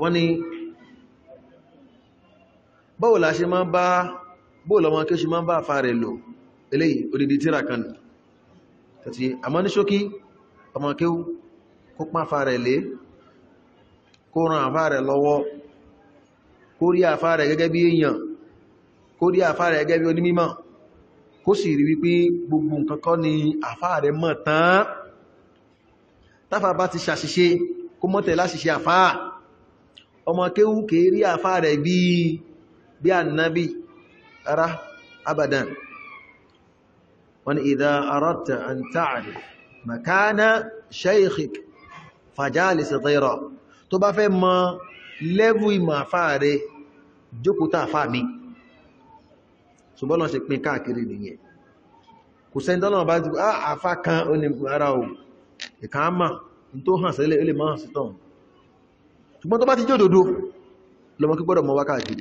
wọ́n ni báwo la ṣe máa bá bóò lọmọ kí ṣe máa bá àfà rẹ̀ lò eléyìí odidi tíra kan tàti àmọ́ ní ṣókí ọmọ kí ó kó pán àfà rẹ̀ lé kó ran àfà rẹ̀ lọ́wọ́ kó rí àfà rẹ̀ gẹ́gẹ́ bí èèyàn kó rí àfà rẹ̀ gẹ́gẹ́ bí onímímọ̀ kó sì rí wípé gbogbo nǹkan kọ́ ni àfà rẹ̀ mọ̀ tán táfà bá ti ṣàṣìṣe kó mọ́tẹ̀ láṣìṣe àfáà ọmọ kéwú kèé rí àfá rẹ̀ bí bí annabi ara abadan wani idha aradta an ta'rif makana shaykhik fajalis ghayra tó bá fẹ́ mọ lẹ́bù ìmọ̀ àfá rẹ̀ jókòtà àfá mi ṣùgbọ́n ṣe pín káàkiri nìyẹn kò sẹ́ntọ́nà bá ti ah, àfá kan ó ní ara ò ìkàámà tó hàn sílẹ̀ ó lè ṣùgbọ́n tó bá ti jẹ́ òdodo lọmọ kí gbọ́dọ̀ mọ wákàtí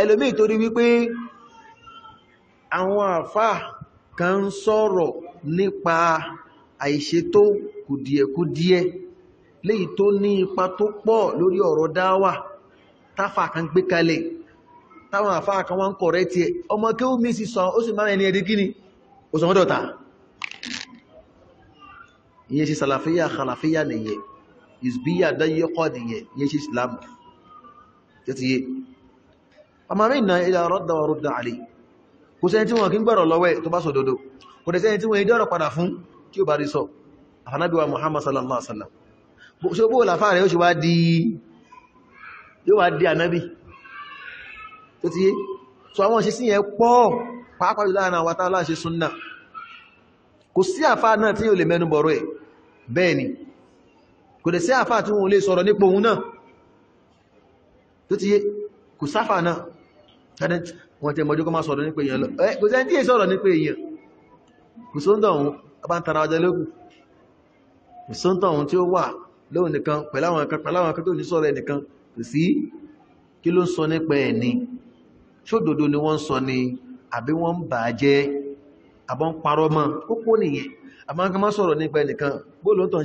ẹlòmí torí wípé àwọn àfá kan ń sọ̀rọ̀ nípa àìṣètò kùdìẹ̀kùdìẹ̀ léyìí tó ní ipa tó pọ̀ lórí ọ̀rọ̀ dáwà táfà kan gbé kalẹ̀ táwọn àfá kan wọ́n kọ̀rẹ́ ti ẹ̀ ọmọ kí ó mí sí sọ ó sì máa ẹni ẹ̀dí kíni ó sọ mọ́dọ̀ta ìyẹn sí sàlàfíyà kàlàfíyà nìyẹn ìsbíyà dáyẹ́kọ́ nìyẹn ní ṣe ìsìlámù tẹ́tíyé ọmọrí ìnà ilẹ̀ rọ́dà rọ́dà àlè kò sẹ́ni tí wọ́n kí ń gbọ́rọ̀ lọ́wẹ́ tó bá sọ̀dọ̀dọ̀ kò dẹ̀ sẹ́ni tí wọ́n ìdọ́rọ̀ padà fún tí ó bá rí sọ àfanábíwa Muhammad sallallahu alaihi wasallam ṣe bó làfá rẹ̀ yóò wá di yóò kò lè sí àfà tí wọ́n lè sọ̀rọ̀ nípa òun náà tó ti yé kò sáfà náà wọ́n tẹ mọ́jú kọ́ máa sọ̀rọ̀ nípa èèyàn lọ ẹ́ kò sẹ́ntí è sọ̀rọ̀ nípa èèyàn kò sóńtọ̀ òun bá ń tara ọjọ́ lókù kò sóńtọ̀ òun tí ó wà lóhun nìkan pẹ̀láwọn kan tó ní sọ̀rọ̀ ẹnìkan kò sí kí ló ń sọ nípa ẹ̀ ni ṣódodo ni wọ́n ń sọ ni àbí wọ́n ń bà á jẹ́ àbọ́n parọ́ mọ́ kókó nìyẹn àmọ́ kan máa sọ̀rọ̀ nípa ẹnìkan bóòlù ó tàn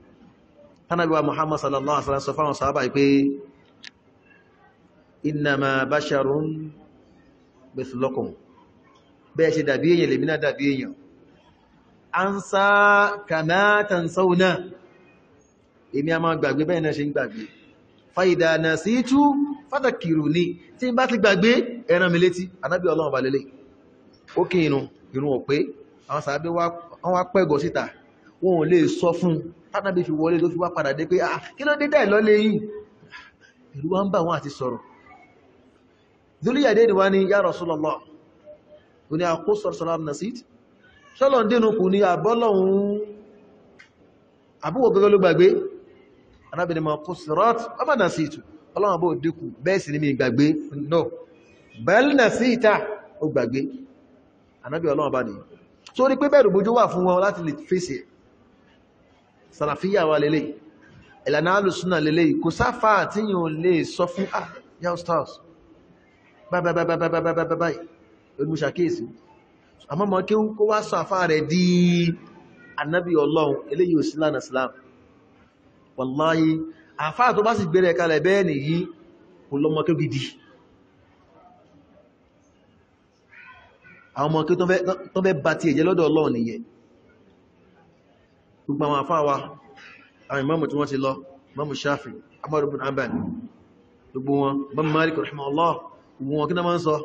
tánàbíwá muhammad sallallahu alaihi wasallam sọ fáwọn sàábà pé innama basharun mithlukum bẹ́ẹ̀ ṣe dàbí èèyàn lèmínà dàbí èèyàn ansa kama tansawna èmi a máa gbàgbé bẹ́ẹ̀ náà ṣe ń gbàgbé fa idha nasitu fadhakkiruni tí bá ti gbàgbé ẹ rán mi létí anábí ọlọ́run balẹ̀lẹ̀ ó kí inú irun ọ̀pẹ́ àwọn sàábé wọ́n wá pẹ́gọ̀ síta wọn lè sọ fún tánàbí fi wọlé ló fi wá padà dé pé ah kí ló dédé lọ́lé yìí ìlú wá ń bà wọn àti sọ̀rọ̀ dhul ni wá ní ya Rasulullah ó ní àkó sọ̀rọ̀sọ̀rọ̀ nasit ṣọ́lọ̀ dínú kù ní àbọ́lọ̀hun àbúwò gẹ́gẹ́ ló gbàgbé arábìnrin ma kó sọ̀rọ̀t ọmọ nasitu ọlọ́run àbúwò dínkù bẹ́ẹ̀ sì ní mi gbàgbé no bẹ́ẹ̀l nasita ó gbàgbé anábì ọlọ́run bá ní so ní pé bẹ́ẹ̀rù bójú wà fún wọn láti lè fèsì sàràfíyà wa lélẹ̀ ìlànà alùsùnà lélẹ̀ kò sáfà àti yìí lè sọ fún ah yao stars báyìí olùmúṣàkíyèsí àmọ́ mọ́ kí kó wá sọ àfá rẹ̀ di annabi ọlọ́run eléyìí ò sí lánà islam wallahi àfá tó bá sì gbé rẹ̀ kalẹ̀ bẹ́ẹ̀ nìyí kò lọ mọ́ kí gidi àwọn mọ́ kí tó fẹ́ bá ti ẹ̀jẹ́ lọ́dọ̀ ọlọ́run nìyẹn gbogbo àwọn àfáwà àwọn ìmáàmù tí wọ́n ti lọ mọ́mù Shafi Ahmad ibn Hanbal gbogbo wọn mọ́mù Malik rahimahullah gbogbo wọn kí náà máa ń sọ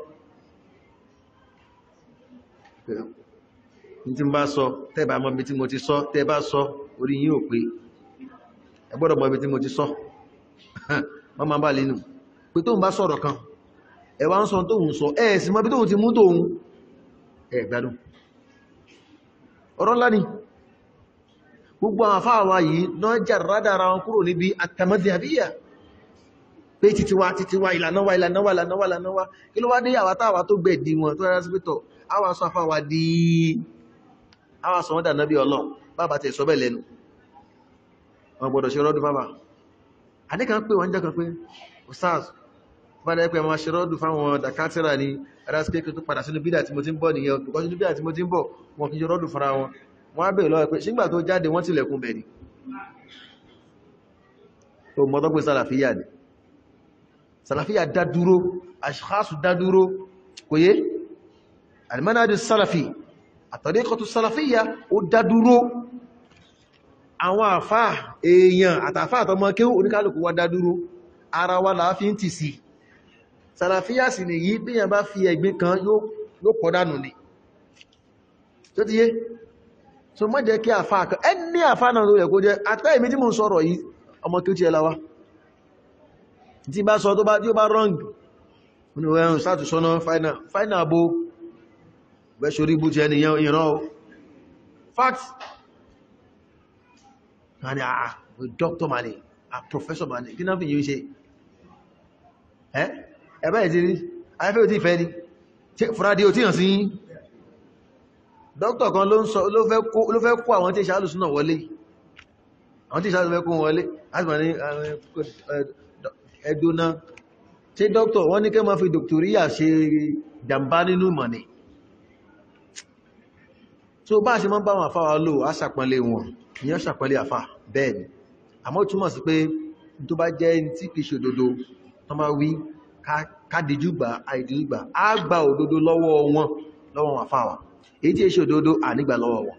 tí ń bá sọ tẹ́bà mọ́bí tí mo ti sọ tẹ́bà sọ orí yín ò pé ẹ gbọ́dọ̀ mọ́bí tí mo ti sọ mọ́mà bá lẹ́nu pé tóun bá sọ̀rọ̀ kan ẹ ń sọ tóun sọ ẹ sì mọ́bí tóun ti mú tóun ẹ ọ̀rọ̀ ńlá ni gbogbo àwọn afáàwà yìí náà jà rádàrà wọn kúrò níbi àtàmọ́dìyàbíyà pé titiwa titiwa ìlànàwà ìlànàwà ìlànàwà kí ló wá dé àwà táwà tó gbẹ̀ di wọn tó rárá sí pẹ́tọ̀ àwà sọ afáwà di wọ́n á bèèrè lọ́wọ́ pé ṣígbà tó jáde wọ́n tilẹ̀kùn bẹ̀ ni tó mọ́ tó pé sàlàfíyà ni sàlàfíyà dádúró àṣíkásù dádúró kò yé alìmọ́nàdì sàlàfí àtọ̀dẹ́kọ̀tù sàlàfíyà ó dádúró àwọn àfá èèyàn àtàfá àtọmọ kéwú oníkálùkù wá dádúró ara wa làá fi ń tì sí sàlàfíyà sì nìyí bí yàn bá fi ẹ̀gbin tó so má jẹ́ kí àfá kan ẹni àfá náà ló yẹ jẹ́ àtẹ́ ìmí tí mo sọ̀rọ̀ yìí ọmọ ti tí sọ tó bá tí ó bá wrong ní sáàtù sọ́nà final bó bẹ́ṣorí bú ti fact na ah, ni a ẹ̀bẹ́ afẹ́ òtí ìfẹ́ ni fúradí òtí hàn dókítà kan ló fẹ́ kó àwọn tí ìṣàlù súnà wọlé àwọn tí ìṣàlù fẹ́ kó wọlé láti wọ́n ní ẹdùnà tí dókítà wọ́n ní kẹ́ ma fi dòktoríyà ṣe jàmbá nínú mọ̀ ní tó bá ṣe mọ́ bá wọn àfáwà lò á wọn ìyẹn ṣàpọ̀lẹ̀ àfà ni àmọ́ túmọ̀ sí pé tó bá jẹ́ ẹni tí kìí ṣe òdodo tó máa wí kádìjúgbà àìdìjúgbà á gba òdodo lọ́wọ́ wọn lọ́wọ́ èyí tí èṣe òdodo ànígbà lọ́wọ́ wọn